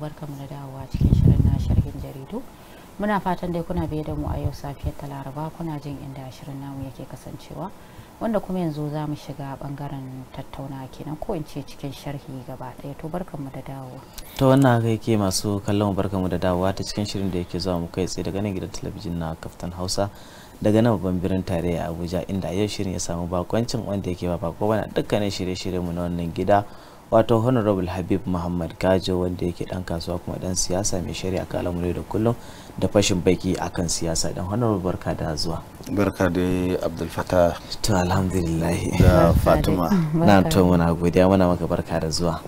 barkamu da dawowa cikin shirin na shirgin jaridu muna fatan dai kuna biye da mu a yau safiyar ta laraba kuna jin inda shirin namu yake kasancewa wanda kuma yanzu za mu shiga bangaren tattauna kenan ko in ce cikin sharhi gaba ɗaya to barkamu da dawowa to wannan haka yake masu kallon mu barkamu da dawowa ta cikin shirin da yake zuwa mu kai tsaye daga nan gidan talabijin na kaftan hausa daga nan babban birnin tarayya abuja inda yau shirin ya samu bakoncin wanda yake ba bako bana dukkanin shirye-shiryenmu na wannan gida wato honorable habib muhammad gajo wanda yake dan kasuwa kuma dan siyasa mai shari'a ka ne da kullum da fashin baki akan siyasa dan honorable barka da zuwa barka da abdul fatah to alhamdulillah da fatima na to muna godiya muna maka barka da zuwa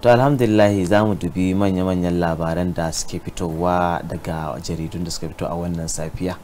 to alhamdulillah za mu dubi manya-manyan labaran da suke fitowa daga jaridun da suka fito a wannan safiya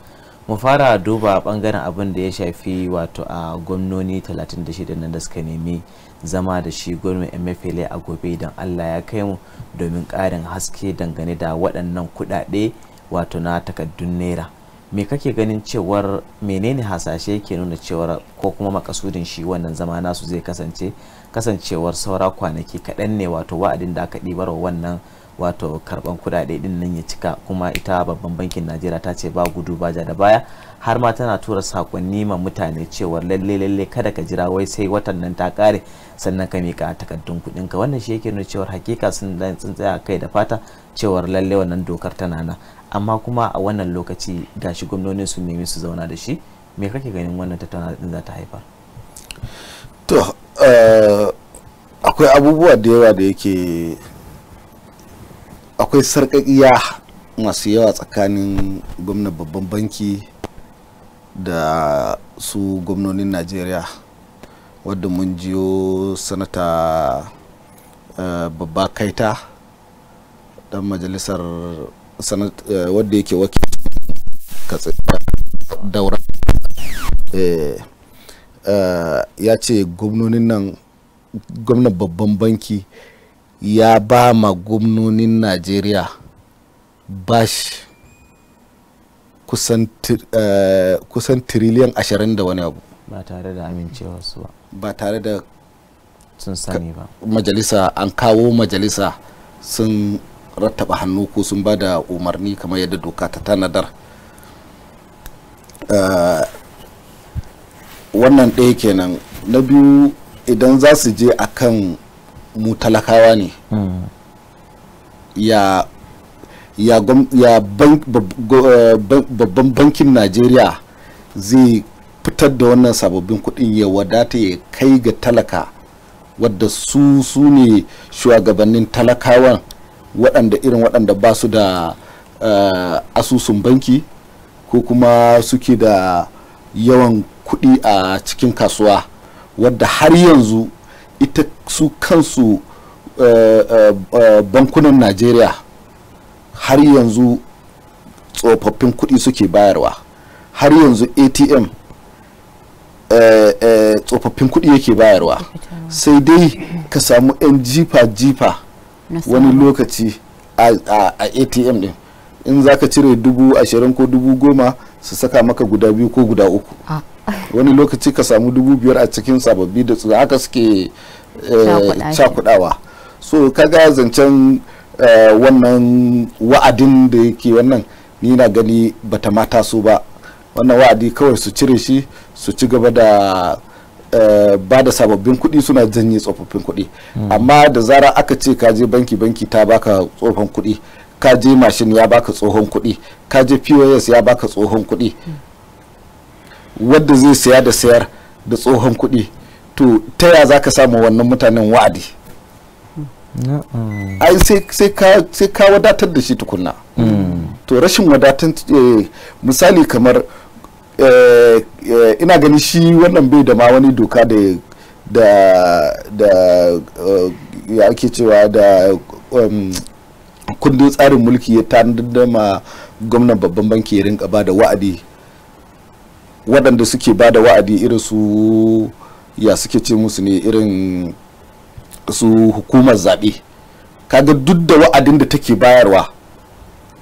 mu fara duba bangaren abin da ya shafi wato a gwamnoni 36 nan da suka nemi zama da shi gwamnan mfla a gobe idan allah ya kai mu domin karin haske dangane da waɗannan kuɗaɗe wato na takaddun naira me kake ganin cewar menene hasashe ke nuna cewar ko kuma makasudin shi wannan zama nasu zai kasance kasancewar saura kwanaki kaɗan ne wato wa'adin da aka ɗibar wannan wato karban kuɗaɗe ɗin nan ya cika kuma ita babban bankin najeriya ta ce ba gudu ba ja da baya har ma tana tura sakonni ma mutane cewa lalle lalle kada ka jira wai sai watan nan ta kare sannan ka mika takardun kuɗin ka wannan shi yake nuna cewa hakika sun tsintsaya kai da fata cewar lalle wannan dokar tana nan amma kuma a wannan lokaci gashi gwamnonin sun nemi su zauna da shi me kake ganin wannan tattauna din za ta haifar to eh, akwai abubuwa da yawa da yake akwai sarƙaƙiya masu yawa tsakanin gwamnan babban banki da su gwamnonin najeriya wadda mun jiyo sanata uh, babba kaita dan majalisar uh, wadda yake wakil daura eh, uh, ya ce gwamnonin nan gwamnan babban banki ya ba ma gwamnonin najeriya bashi kusan tiriliyan eh, ashirin da wani abu ba tare da amincewa su ba ba tare da sun sani ba majalisa an kawo majalisa sun rattaba hannu ko sun ba da umarni kamar yadda doka ta tanadar eh, wannan ɗaya kenan na biyu idan za su je akan mu talakawa ne hmm. ya ya eh, babban bankin najeriya zai fitar da wannan sababbin kudin ya wadata ya kai ga talaka wadda su su ne shugabannin talakawan waɗanda irin waɗanda ba su da eh, asusun banki ko kuma suke da yawan kuɗi a cikin kasuwa wadda har yanzu ita su kansu eh, bankunan najeriya har yanzu tsofaffin kuɗi suke bayarwa har yanzu atm eh, eh, tsofaffin kuɗi yake bayarwa sai dai ka samu 'yan jifa-jifa wani lokaci a atm din in za ka cire dubu ashirin ko dubu goma su saka maka guda biyu ko guda uku ah. wani lokaci ka samu dubu biyar a cikin sababbi da haka suke eh, cakudawa so ka kaga zancen Eh, wannan wa'adin da yake wannan ni na gani bata mata su ba wannan wa'adi kawai su cire shi su ci gaba da eh, ba da sababbin kuɗi suna janye tsofaffin kuɗi hmm. amma da zara aka ce ka je banki banki ta baka tsohon kuɗi ka je mashin ya baka tsohon kuɗi ka je pos ya baka tsohon kuɗi wadda zai siya da sayar da tsohon kuɗi to ta ya za ka samu wannan mutanen wa'adi ai sai ka wadatar da shi tukunna mm. to rashin wadatar eh, misali kamar eh, eh, ina gani shi wannan bai da ma wani doka da da ya ake cewa da um, kundin tsarin mulki ya tanadar da ma gwamnan babban banki ya rinka ba da wa'adi waɗanda suke ba da wa'adi irin su ya suke ce musu ne irin su hukumar zaɓe kaga duk da wa'adin da take bayarwa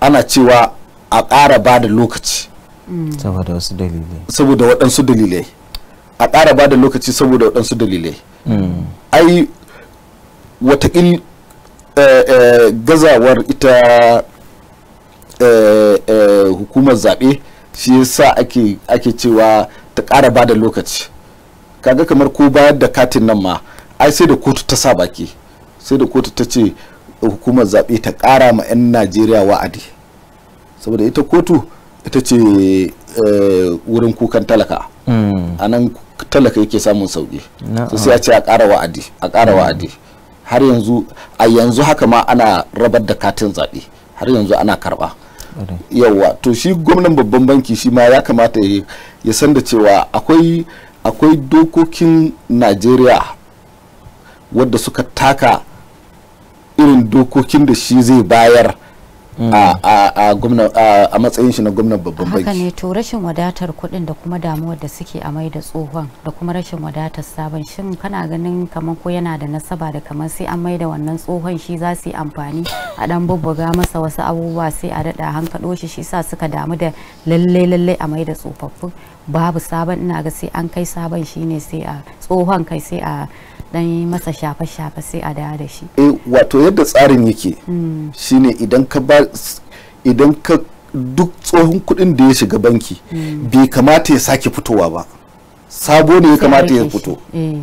ana cewa a ƙara ba da lokaci saboda wasu dalilai saboda waɗansu dalilai a ƙara ba da lokaci saboda waɗansu dalilai hmm. ai watakil eh, eh, gazawar ita eh, hukumar zaɓe shi yasa ake cewa ta ƙara ba da lokaci kaga kamar ko bayar da katin nan ma ai sai da kotu ta sa baki sai da kotu ta ce hukumar zaɓe ta ƙara ma 'yan najeriya wa'adi saboda ita kotu ita ce eh, wurin kukan talaka hmm. a nan talaka yake samun sauƙi sai a ce a ƙara wa'adi a ƙara hmm. wa'adi har yanzu a yanzu haka ma ana rabar da katin zaɓe har yanzu ana karɓa yawa to shi gwamnan babban banki shi ma ya kamata ya san da cewa akwai dokokin najeriya wadda suka taka irin dokokin da shi zai bayar mm. a matsayin shi na gwamnan babban banki. Haka ne to rashin wadatar kuɗin da kuma damuwar da suke a mai da tsohon da kuma rashin wadatar sabon shin kana ganin kamar ko yana da nasaba da kamar sai an mai da wannan tsohon shi za su yi amfani a dan bubbuga masa wasu abubuwa sai a daɗa hankaɗo shi shi sa suka damu da lalle lalle a mai da tsofaffin babu sabon ina ga sai an kai sabon shi ne sai a tsohon kai sai a dan yi masa shafe-shafe sai a dawo da shi eh wato yadda tsarin yake hmm. shine idan ka ba idan ka duk tsohon kuɗin da ya shiga banki hmm. bai kamata ya sake fitowa ba sabo ne ya kamata ya fito eh.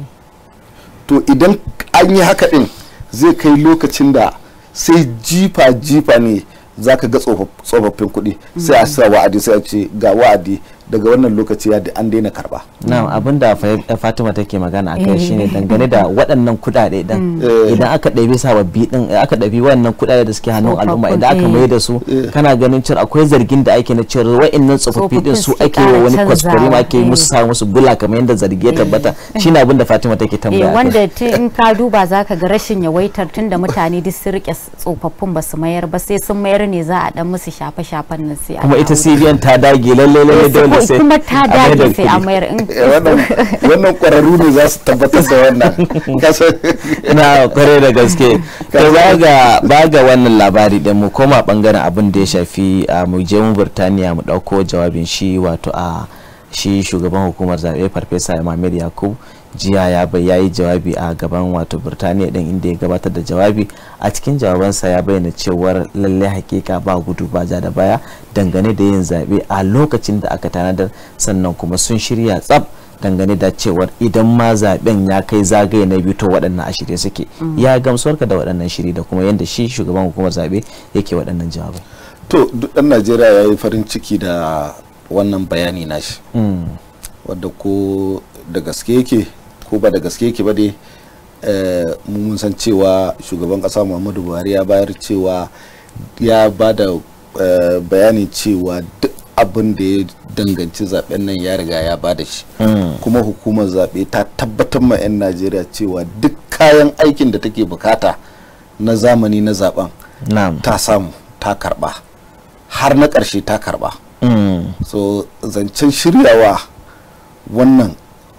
to idan an yi haka din zai kai lokacin da sai jifa-jifa ne zaka ga tsofaffin kuɗi sai a hmm. sa wa'adi sai a ce ga wa'adi daga wannan lokaci ya an daina karba. na abin da fatima take magana a kai eh. shine dangane da waɗannan kuɗaɗe din mm. eh. idan aka ɗabi sababbi din eh, aka ɗabi waɗannan kuɗaɗe da suke hannun al'umma idan aka mai da su kana ganin cewa akwai zargin da ake na cewa wa'annan tsofaffi din su ake wa wani kwaskwari ma ake musu sa musu bula kamar yadda zargi ya tabbata shine abin da fatima take tambaya wanda in ka duba ka ga rashin yawaitar tun da mutane duk sun rike tsofaffin ba su mayar ba sai sun mayar ne za a ɗan musu shafe-shafen nan sai kuma ita cbn ta dage lallai lallai dole kuma ta dace sai a mayar in eh, wannan kwararru ne za su tabbatar da wannan na kware da gaske to baga baga wannan labari din mu koma bangaren abin da ya shafi ah, mu je mu Burtaniya mu dauko jawabin shi wato a ah, shi shugaban hukumar zaɓe farfesa Mohamed Yakub jiya ya bai yayi jawabi a gaban wato Burtaniya din inda ya gabatar da jawabi a cikin jawabansa ya bayyana cewar lallai hakika ba gudu ba ja da baya dangane da yin zaɓe a lokacin da aka tanadar sannan kuma sun shirya tsab dangane da cewar idan ma zaben ya kai zagaye na biyu to waɗannan a shirye suke mm. ya gamsuwarka da waɗannan shiri da kuma yadda shi shugaban hukumar zaɓe yake waɗannan jawabai to duk ɗan najeriya ya yi farin ciki da wannan bayani nashi mm. wadda ko da gaske yake ko ba da gaske yake ba dai Eh, mun san cewa shugaban kasa muhammadu buhari ya bayar cewa ya ba da eh, bayani cewa abin da ya danganci zaben nan ya riga ya ba da shi hmm. kuma hukumar zaɓe ta tabbatar ma 'yan najeriya cewa duk kayan aikin da take bukata na zamani na zaben ta samu ta karba har na ƙarshe ta karba hmm. so zancen shiryawa wannan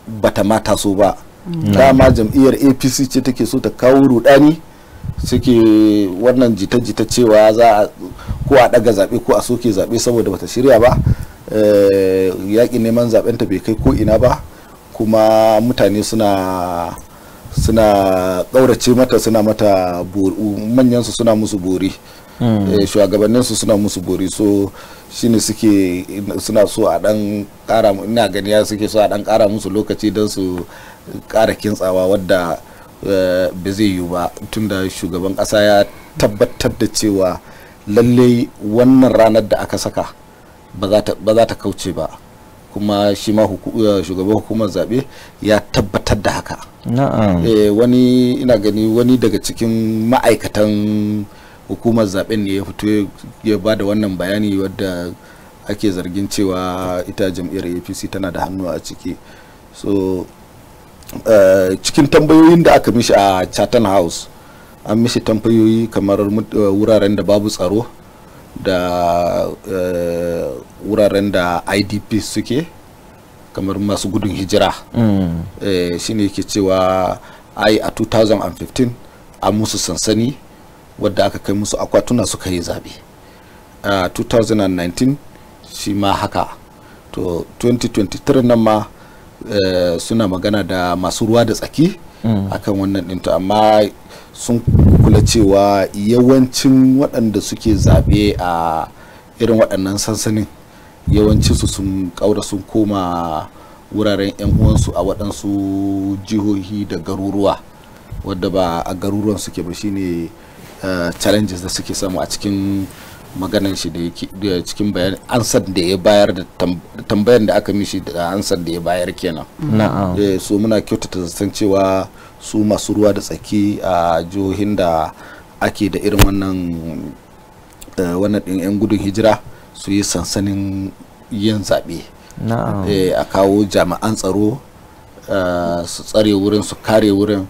bata mata so ba dama jam'iyyar apc ce take so ta kawo rudani suke wannan jita-jita cewa za a ko a daga zaɓe ko a soke zaɓe saboda bata shirya ba eh, yaƙi neman zaɓen ta bai kai ko ina ba kuma mutane suna suna ƙaurace mata suna mata manyansu suna musu bori hmm. eh, shugabanninsu suna musu bori so shine suke suna so a dan ƙara ina gani suke so a dan ƙara musu lokaci don su ƙara kintsawa wadda eh, ba zai yiwu ba tunda shugaban ƙasa ya tabbatar da cewa lallai wannan ranar da aka saka ba za ta kauce ba kuma shi ma eh, shugaban hukumar zaɓe ya tabbatar da haka eh, wani ina gani wani daga cikin ma'aikatan hukumar zaɓen ne ya fito ya ba da wannan bayani wadda ake zargin cewa ita jam'iyyar apc tana da hannu a ciki so Eh, cikin tambayoyin da aka mishi a chatham house an mishi tambayoyi kamar eh, wuraren da babu tsaro da eh, wuraren da idp suke kamar masu gudun hijira mm. shine ke cewa ai a 2015 a musu sansani wadda aka kai musu akwatuna suka yi zaɓe a 2019 shi ma haka to 2023 nan ma Eh, suna magana da masu ruwa da tsaki mm. akan wannan ɗinta amma sun kula cewa yawancin waɗanda suke zaɓe a irin waɗannan sansanin yawancinsu sun ƙaura sun koma wuraren 'yan uwansu a waɗansu jihohi da garuruwa wadda ba a garuruwan suke ba shine eh, challenges da suke samu a cikin maganan shi da yake cikin bayan ansar da ya bayar da tambayar da aka mishi da ansar da ya bayar kenan na'am eh, so muna kyautata zaton cewa su masu ruwa da tsaki a jihohin da ake da irin wannan eh, wannan din yan gudun hijira su yi sansanin yin zaɓe eh, a kawo jami'an tsaro su tsare wurin su kare wurin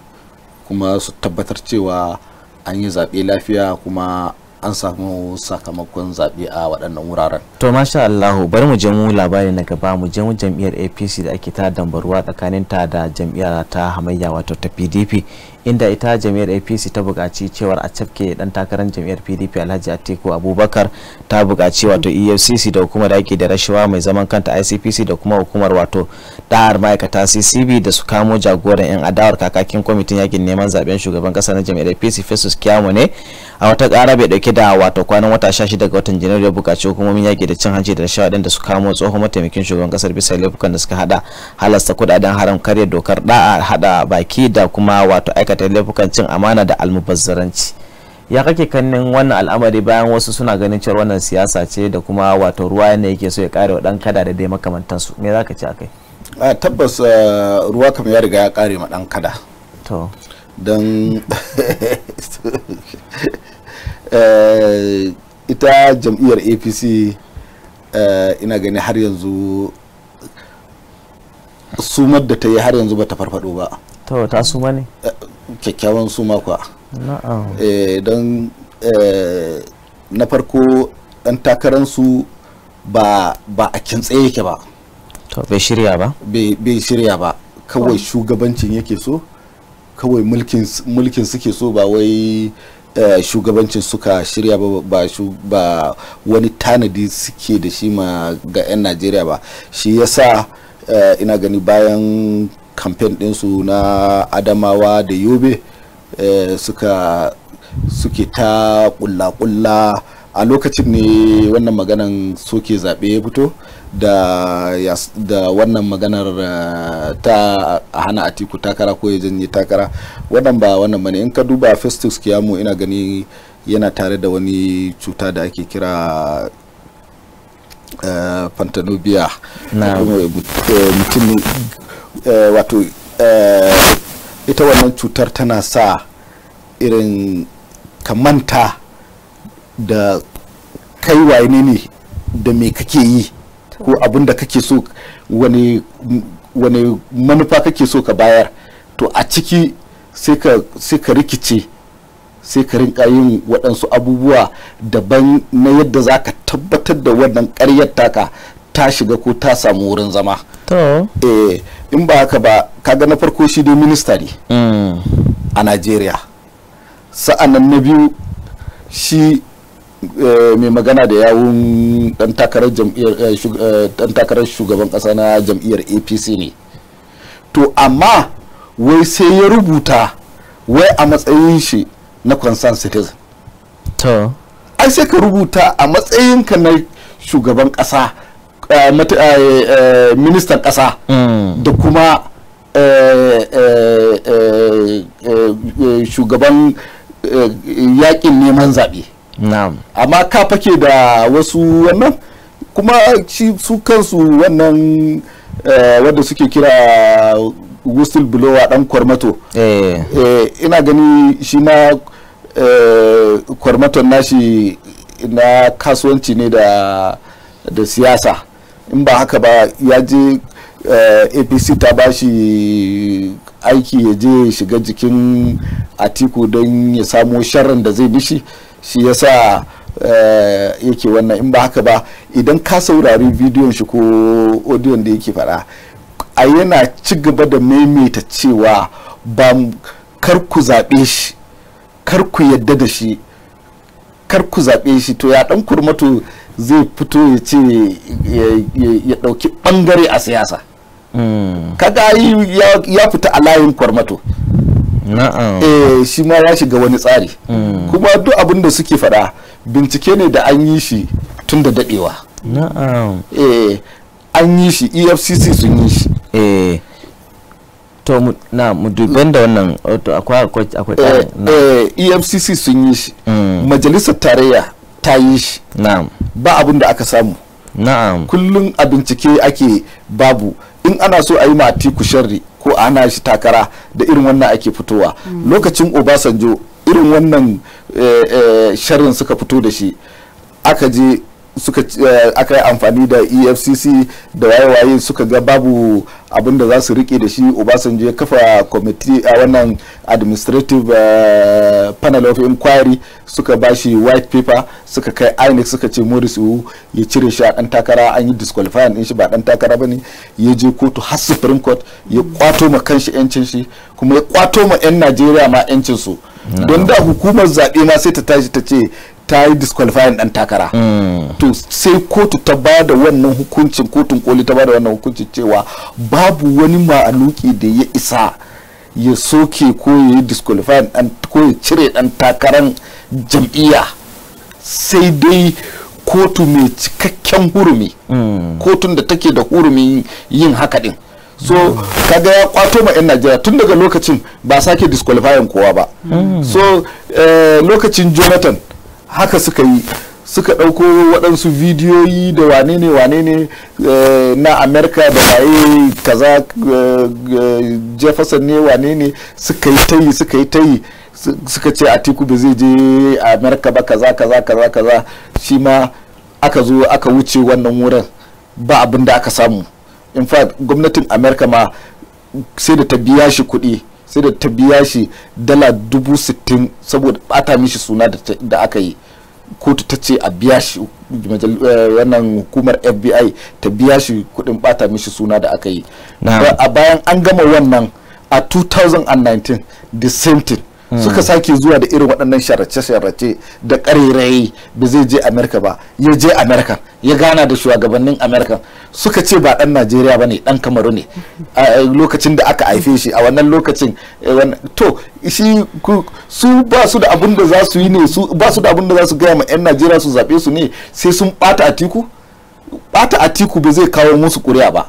kuma su tabbatar cewa an yi zaɓe lafiya kuma an samu sakamakon zaɓe a waɗannan wuraren. To masha Allahu bari mu je mu labari na gaba mu je mu jam'iyyar APC da ake ta dambaruwa tsakanin ta da jam'iyyar ta hamayya wato ta PDP inda ita jam'iyyar APC ta buƙaci cewar a cafke dan takarar jam'iyyar PDP Alhaji Atiku Abubakar ta buƙaci wato EFCC da hukumar yaƙi da rashawa mai zaman kanta ICPC da kuma hukumar wato da'ar ma'aikata CCB da su kamo jagoran 'yan adawar kakakin kwamitin yakin neman zaben shugaban ƙasa na jam'iyyar APC Festus Kiyamo ne a wata kara bai dauke da wato kwanan wata 16 ga watan janairu ya bukaci hukumomin yaki da cin hanci da rashawa da su kamo tsohon mataimakin shugaban kasar bisa laifukan da suka hada halasta kudaden haram karya dokar da'a hada baki da kuma wato aikata laifukan cin amana da almubazzaranci ya kake kannin wannan al'amari bayan wasu suna ganin cewa wannan siyasa ce da kuma wato ruwa ne yake so ya kare wa dan kada da dai makamantansu me zaka ce akai tabbas eh, ruwa kam ya riga ya kare ma dan kada to don eh, ita jam'iyyar apc eh, ina gani har yanzu sumar da ta yi har yanzu bata farfado ba ta ta suma ne eh, kyakkyawan suma kwa don na farko dan takararsu ba ba a kintse yake ba to bai shirya ba bai shirya ba kawai shugabancin yake so kawai mulkin suke so ba wai eh, shugabancin suka shirya ba, ba, wani tanadi suke da shi ma ga 'yan najeriya ba shi yasa sa eh, ina gani bayan kamfen ɗinsu na adamawa da yobe eh, suka suke ta kulla-kulla a lokacin ne wannan maganan soke zaɓe ya fito da yas, da wannan maganar uh, ta hana atiku takara ko ya janye takara wannan ba wannan bane in ka duba festus kiyamu ina gani yana tare da wani cuta da ake kira uh, eh, pantanobia eh, mutum uh, wato ita wannan cutar tana sa irin ka manta da kai waye ne da me kake yi ko abin da kake so wani wani manufa kake so ka bayar to a ciki sai ka sai ka rikice sai ka rinka yin waɗansu abubuwa daban na yadda za ka tabbatar da wannan ƙaryar taka ta shiga ko ta samu wurin zama to eh in ba haka ba ka ga na farko shi dai minista ne mm. a Najeriya sa'annan na biyu shi Eh, mai magana da yawun dan eh, eh, takarar shugaban kasa na jam'iyyar apc ne to amma wai sai ya rubuta wai a matsayin shi na concerned citizen to ai sai ka rubuta a matsayin ka na shugaban kasa ministan kasa mm. da kuma shugaban yakin neman zaɓe amma ka fake da wasu wannan kuma su kansu wannan eh, wadda suke kira eh, whistle bulowa dan kwarmato eh. ina gani shi ma kwarmaton nashi na kasuwanci ne da da siyasa in ba haka ba ya je apc ta ba aiki ya je shiga jikin atiku don ya samo sharrin da zai bishi shi yasa eh, yake wannan in ba haka ba idan ka saurari bidiyon shi ko odiyon da yake fara a yana ci gaba da maimaita cewa ba kar ku zaɓe shi kar ku yadda da shi kar ku zaɓe shi to ya ɗan kurmato zai fito ya ce ya ɗauki ɓangare a siyasa hmm. kaga ya fita a layin kurmato eh shi ma ya shiga wani tsari hmm. kuma duk abin da suke faɗa bincike ne da an yi shi tun da daɗewa eh an yi shi efcc sun yi shi eh to na mudubin da wannan akwai akwai eh efcc eh, e sun yi shi hmm. majalisar tarayya ta yi shi ba abin da aka samu na'am kullum a bincike ake babu in ana so a yi ma atiku sharri ana shi takara da irin wannan ake fitowa lokacin obasanjo irin wannan eh, eh, sharrin suka fito da shi aka je suka eh, aka yi amfani da efcc da waye-waye suka ga babu abin da za su rike da shi obasanjo ya kafa kwamiti a wannan administrative eh, panel of inquiry suka ba shi white paper suka kai inec suka ce morris iwu ya cire shi a dan takara an yi disqualifying din shi ba dan takara ba ne ya je kotu har supreme court ya kwato ma kanshi yancin shi kuma ya kwato ma yan najeriya ma yancin su don da hukumar zaɓe ma sai ta tashi ta ce ta yi disqualifying ɗan takara mm. to sai kotu ta ba da wannan hukuncin kotun koli ta ba da wannan hukuncin cewa babu wani ma'aluki da ya isa ya soke ko ya yi disqualifying ɗan ko ya cire ɗan takaran jam'iyya sai dai kotu mai cikakken hurumi mm. kotun da take da hurumi yin haka ɗin so mm. kaga ya kwato ma 'yan najeriya tun daga lokacin ba sake disqualifying kowa ba so eh, lokacin jonathan haka suka yi suka ɗauko waɗansu bidiyoyi da wane ne wane ne eh, na amerika da waye kaza eh, eh, jefferson ne wane ne suka yi tayi suka yi tayi suka ce atiku ba zai je amerika ba kaza kaza kaza kaza shi ma aka zo aka wuce wannan wurin ba abin da aka samu in fact gwamnatin amerika ma sai da ta biya shi kuɗi sai da ta biya shi dala dubu sittin saboda bata mishi suna da aka yi kotu ta ce a biya shi eh, wannan hukumar fbi ta biya shi kudin bata mishi suna da aka yi a bayan an gama wannan a 2019 the same thing suka sake zuwa da irin waɗannan sharace-sharace da ƙarerayi da zai je amerika ba ya je amerika ya gana da shugabannin amerika suka ce ba ɗan najeriya ba ne ɗan kamaru ne a lokacin da aka haife shi a wannan lokacin eh, to shi su ba su da abin da za su yi ne su ba su da abin da za su gaya ma 'yan najeriya su zaɓe su ne sai sun ɓata atiku ɓata atiku ba zai kawo musu ƙuri'a ba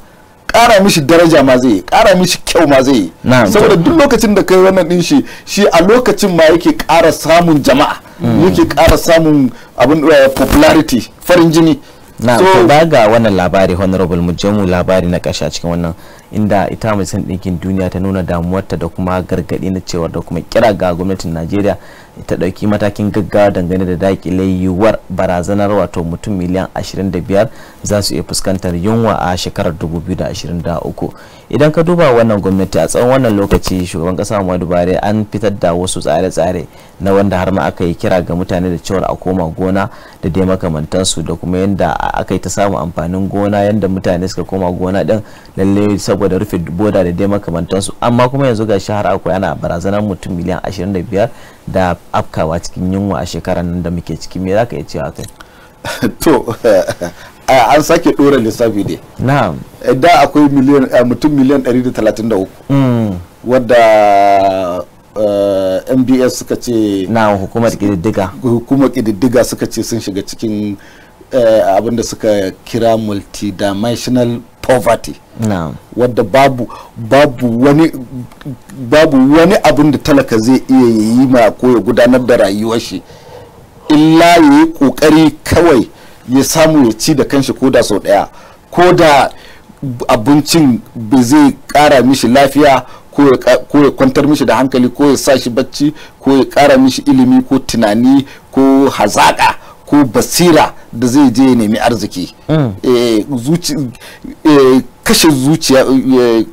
kara mishi daraja ma zai yi kara mishi kyau ma zai yi saboda duk lokacin da kai wannan din shi shi a lokacin ma yake kara samun jama'a mm. yake kara samun abin eh, popularity farin jini na so, ba ga wannan labari honorable mu mu labari na kashe a cikin wannan inda ita mai san ɗinkin duniya ta nuna damuwarta da kuma gargaɗi na cewa da kuma kira ga gwamnatin najeriya ta ɗauki matakin gaggawa dangane da dakile yiwuwar barazanar wato mutum miliyan 25 za su iya fuskantar yunwa a shekarar 2023 idan ka duba wannan gwamnati a tsawon wannan lokaci shugaban kasa muhammadu buhari an fitar da wasu tsare-tsare na wanda har ma aka yi kira ga mutane da cewar a koma gona da dai makamantansu da kuma yadda aka yi ta samu amfanin gona yadda mutane suka koma gona din lalle saboda rufe boda da dai makamantansu amma kuma yanzu ga shahar akwai ana barazanar mutum miliyan 25 da afkawa cikin yunwa a shekarar nan da muke ciki me zaka iya cewa kai to an sake dora lissafi ne na'am eh, da akwai miliyan eh, mutum miliyan 133 mm. wadda eh, mbs suka ce na hukumar kididdiga hukumar kididdiga suka ce sun shiga cikin abinda suka kira multidimensional poverty no. wadda babu babu wani babu wani abin da talaka zai iya yi ma ko ya gudanar da rayuwar shi illa ya yi kokari kawai ya samu ya ci da kanshi ko da sau daya ko da abincin ba zai kara mishi lafiya ko ya kwantar mishi da hankali ko ya sa shi bacci ko ya kara mishi ilimi ko tunani ko hazaka ko basira da zai je nemi arziki mm. eh, eh, kashe zuciya eh,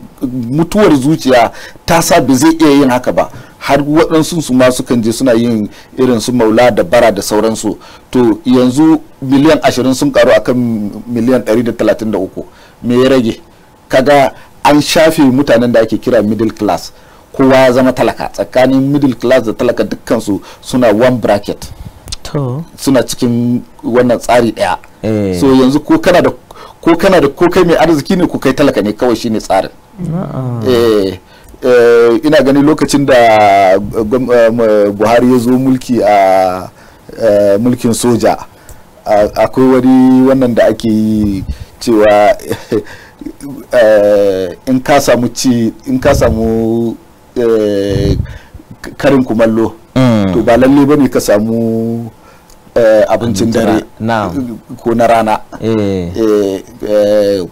mutuwar zuciya ta sa ba zai iya yin haka ba har waɗansu su ma sukan je suna yin irin su maula da bara da sauransu to yanzu miliyan ashirin sun karu akan miliyan 133 me ya rage kaga an shafe mutanen da ake kira middle class kowa ya zama talaka tsakanin middle class da talaka dukkansu suna one bracket suna cikin wannan tsari daya eh. so yanzu ko kana da ko kana da ko kai mai arziki ne ko kai talaka ne kawai shine tsarin eh, eh, ina gani lokacin da buhari ya zo mulki a mulkin soja akwai wani wannan da ake yi cewa in ka samu ci in ka samu karin kumallo mm. to ba lalle bane ka samu Eh, abincin dare ko na rana eh. Eh,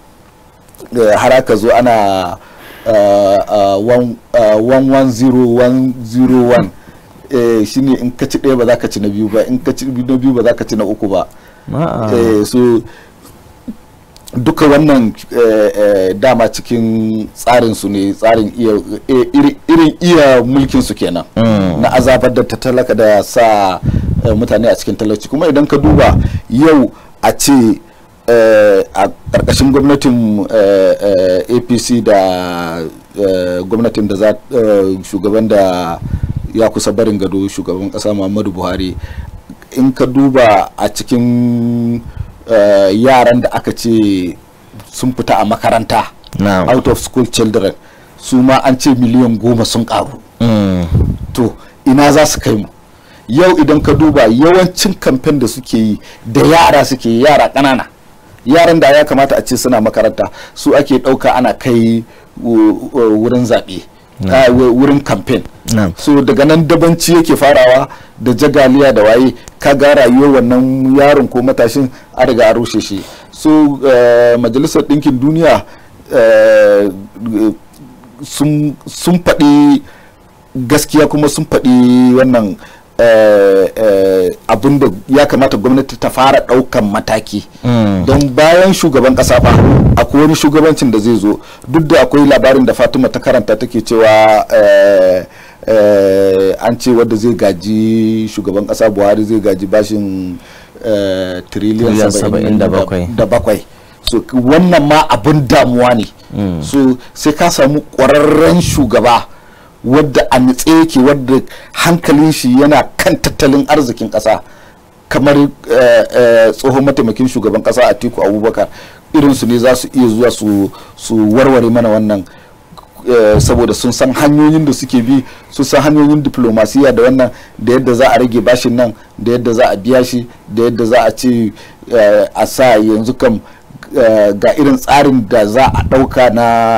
har aka zo ana 110101 shine in ka ci ɗaya ba za ka ci na biyu ba in ka ci na biyu ba za ka ci na uku ba so duka wannan dama cikin tsarin su ne tsarin irin iya mulkin su kenan mm. na azabar da ta talaka da sa Eh, mutane a cikin talauci kuma idan ka duba yau a ce eh, a ƙarƙashin gwamnatin eh, apc da gwamnatin da za shugaban da ya kusa barin gado shugaban ƙasa muhammadu buhari in ka duba a cikin yaran da aka ce sun fita a makaranta out of school children su ma an ce miliyan goma sun ƙaru mm. to ina za su kai mu yau idan ka duba yawancin kamfen da suke yi da yara suke yi yara ƙanana yaran da ya kamata a ce suna makaranta su ake ɗauka ana kai wurin zaɓe wurin kamfen so daga nan dabanci yake farawa da jagaliya da waye ka ga rayuwar wannan yaron ko matashin a daga rushe shi so eh, majalisar ɗinkin duniya eh, sun faɗi gaskiya kuma sun faɗi wannan Eh, eh, abin ya kamata gwamnati ta fara daukan mataki mm. don bayan shugaban kasa ba akwai wani shugabancin da zai zo duk da akwai labarin da fatima ta karanta take cewa eh, an ce wadda zai gaji shugaban kasa buhari zai gaji bashin triliyan saba'in da bakwai so wannan ma abin damuwa ne mm. so sai ka samu ƙwararren shugaba wadda a nitse yake wadda hankalin shi yana kan tattalin arzikin ƙasa kamar eh, eh, tsohon mataimakin shugaban ƙasa a teku abubakar irinsu ne za su iya zuwa su warware mana wannan eh, saboda sun san hanyoyin da suke bi sun san hanyoyin diplomasiya da wannan da yadda za a rage bashin nan da yadda za a biya shi da yadda za a ce a sa yanzu kam ga irin tsarin da za a ɗauka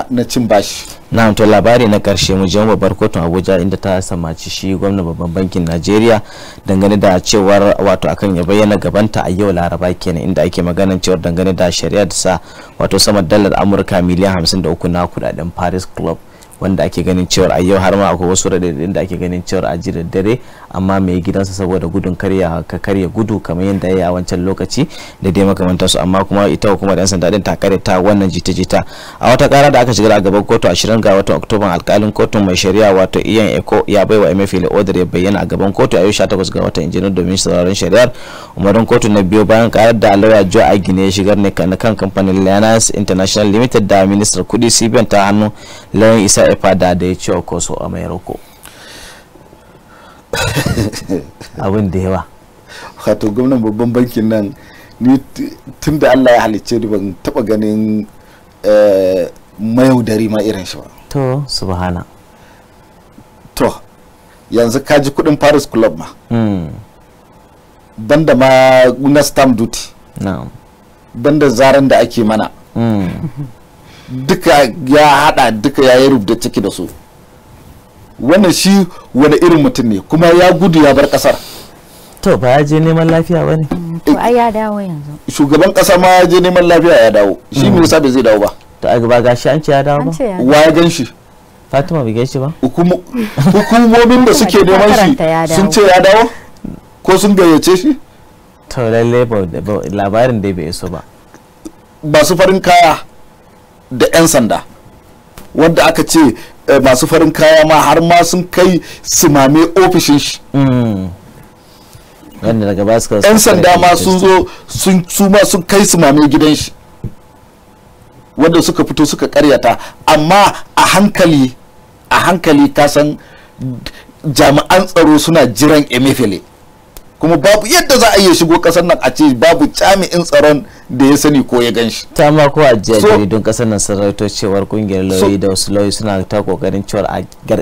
na cin bashi na to labari na karshe mu je babbar kotun abuja inda ta samaci shi gwamna babban bankin najeriya dangane da cewar wato akan ya bayyana gabanta a yau laraba kenan inda ake maganan cewar dangane da shari'a da sa wato sama dalar amurka miliyan 53 na kudaden paris club wanda ake ganin cewar a yau har ma akwai wasu radadin da ake ganin cewar a da dare amma mai gidansa saboda gudun karya ka karya gudu kamar yadda ya yi a wancan lokaci da dai makamantar su amma kuma ita da yan sanda din ta kare ta wannan jita-jita a wata kara da aka shigar a gaban kotu 20 ga watan oktoban alkalin kotun mai shari'a wato iyan eko ya bai wa emefiele odar ya bayyana a gaban kotu a yau 18 ga watan injinin domin sauraron shari'ar umarin kotu na biyu bayan karar da lauya jo agine ya shigar ne kan kamfanin lanas international limited da ministar kudi cbn ta hannu lauyan isa fada da ya ce koso a mai roko abin da yawa wato gwamnan babban bankin nan ni tun da allah ya halicce ni ban taba ganin eh, mayaudari ma irin shi ba to subhana to yanzu ka ji kudin paris club ma hmm. banda ma na stamp duty banda zaran da ake mana hmm. duka ya hada duka ya yi rubda ciki da su wannan shi wani irin mutum ne kuma ya gudu ya bar kasar to ba ya je neman lafiya ba ne to ai ya dawo yanzu shugaban kasa ma ya je neman lafiya ya dawo shi me hmm. yasa bai zai dawo ba to a ba gashi an ce ya dawo ba wa ya gan shi fatima bai gan shi ba hukumomin da suke neman shi sun ce ya dawo ko sun gayyace shi to lalle labarin da bai iso ba ba su farin kaya da 'yan sanda wanda aka ce eh, masu farin kaya ma har ma sun kai su mame ofishin shi su 'yan sanda ma sun zo su ma sun kai su mame gidan shi wanda suka fito suka karyata amma a hankali a hankali kasan jami'an tsaro suna jiran emefele kuma babu yadda za a iya shigo kasar nan a ce babu jami'in tsaron da ya sani ko ya gan shi. ta ma ko a jiya jaridun kasar nan sun rawaito cewar kungiyar lauyi da wasu lauyi suna ta kokarin cewar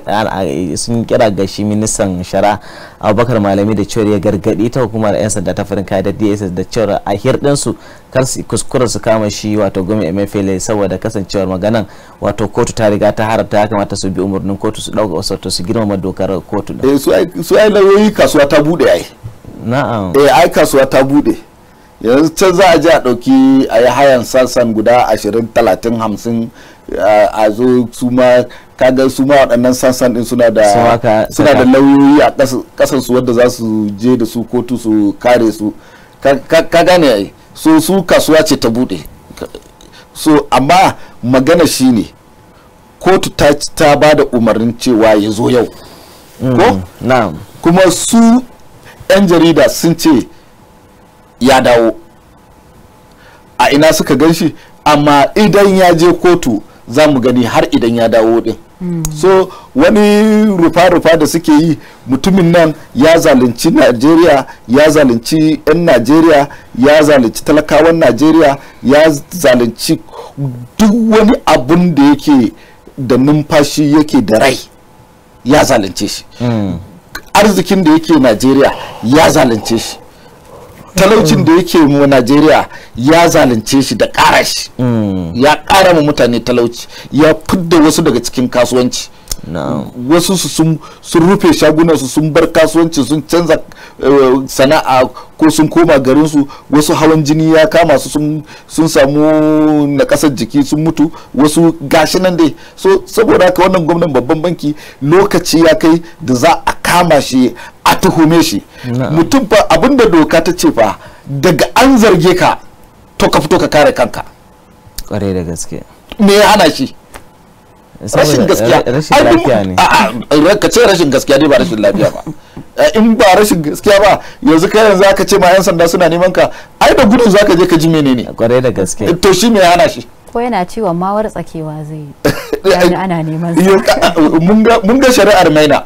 a sun kira ga shi ministan shara abubakar malami da cewar ya gargadi ta hukumar yan sanda ta farin kayan da dss da cewar a hirɗin su kar su kuskura su kama shi wato gumi emefiele saboda kasancewar maganan wato kotu ta riga ta harabta ya kamata su bi umarnin kotu su dauka wasu su girmama dokar kotu. Eh, su ai lauyoyi kasuwa ta buɗe ai. na'am eh ai kasuwa ta bude yanzu can za a je a dauki a yi hayan sassan guda ashirin talatin hamsin a zo su ma kaga su ma waɗannan sassan ɗin suna da suna da lauyoyi a ƙasar su wadda za su je da su kotu su kare su ka gane ai so su kasuwa ce ta buɗe so amma magana shi ne kotu ta ba da umarnin cewa ya zo yau mm, ko kuma su 'yan jarida sun ce ya dawo a ina suka gan shi amma idan ya je kotu za mu gani har idan ya dawo din hmm. so wani rufa-rufa da suke yi mutumin nan ya zalunci najeriya ya zalunci 'yan najeriya ya zalunci talakawan najeriya ya zalunci duk wani abun da yake da numfashi yake da rai ya zalunce shi hmm. arzikin da yake najeriya ya zalunce shi talaucin da yake mu najeriya ya zalunce shi da ƙara shi ya ƙara mu mutane talauci ya fidda wasu daga cikin kasuwanci wasu su sun rufe shagunansu su sun bar kasuwanci sun canza eh, sana'a ko sun koma garinsu wasu hawan jini ya kama su sun samu na kasar jiki sun mutu wasu gashi nan dai so saboda haka wannan gwamnan babban banki lokaci ya kai da za a kama shi a tuhume shi mutum fa abinda doka ta ce fa daga an zarge ka to ka fito ka kare kanka kware da gaske me ya hana shi rashin gaskiya rashin lafiya ne a ka ce rashin gaskiya ne ba rashin lafiya ba eh, in ba rashin gaskiya ba yanzu kai yanzu aka ce ma yan sanda suna neman ka ai da gudun zaka je ka ji menene kware da gaske eh, to shi me ya hana shi ko yana ciwon mawar tsakewa zai yi ana neman mun ga shari'ar maina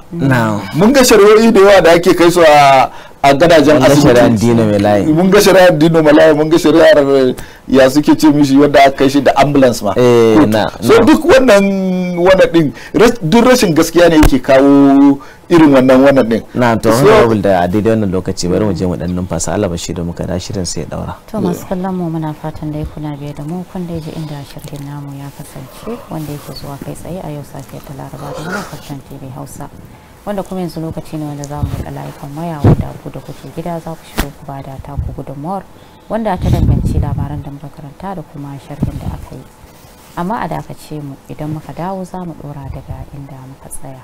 mun ga shari'o'i da yawa da ake kai su a a gadajen asibiti dino mai layi mun ga shari'ar dino mai layi mun ga shari'ar eh, ya suke ce mishi wanda aka kai shi da ambulance ma eh, so duk wannan wannan din duk rashin gaskiya ne yake kawo irin wannan wannan din na to honorable da a daidai wannan lokaci bari mu je mu dan numfasa Allah bashi da muka da shirin sai ya daura to masu kallon mu muna fatan dai kuna biye da mu kun dai ji inda shirin namu ya kasance wanda yake zuwa kai tsaye a yau safiya ta Laraba da Mara Fashion TV Hausa wanda kuma yanzu lokaci ne wanda za mu riƙa layukan waya wanda ku da kuke gida za ku shigo ku bada ta ku gudunmawar wanda ta danganci labaran da muka karanta da kuma sharhin da aka yi amma a dakace mu idan muka dawo za mu ɗora daga inda muka tsaya.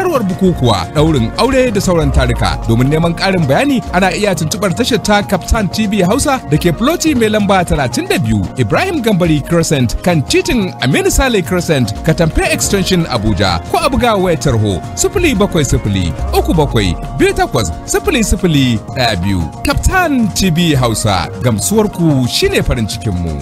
sanarwar bukukuwa daurin aure da sauran tarika domin neman karin bayani ana iya tuntubar tashar ta captain tv hausa da ke floti mai lamba 32 ibrahim gambari crescent kan titin aminu sale crescent katamfe extension abuja ko a buga wayar tarho 070 37 biyu. captain tv hausa gamsuwar ku shine farin cikinmu. mu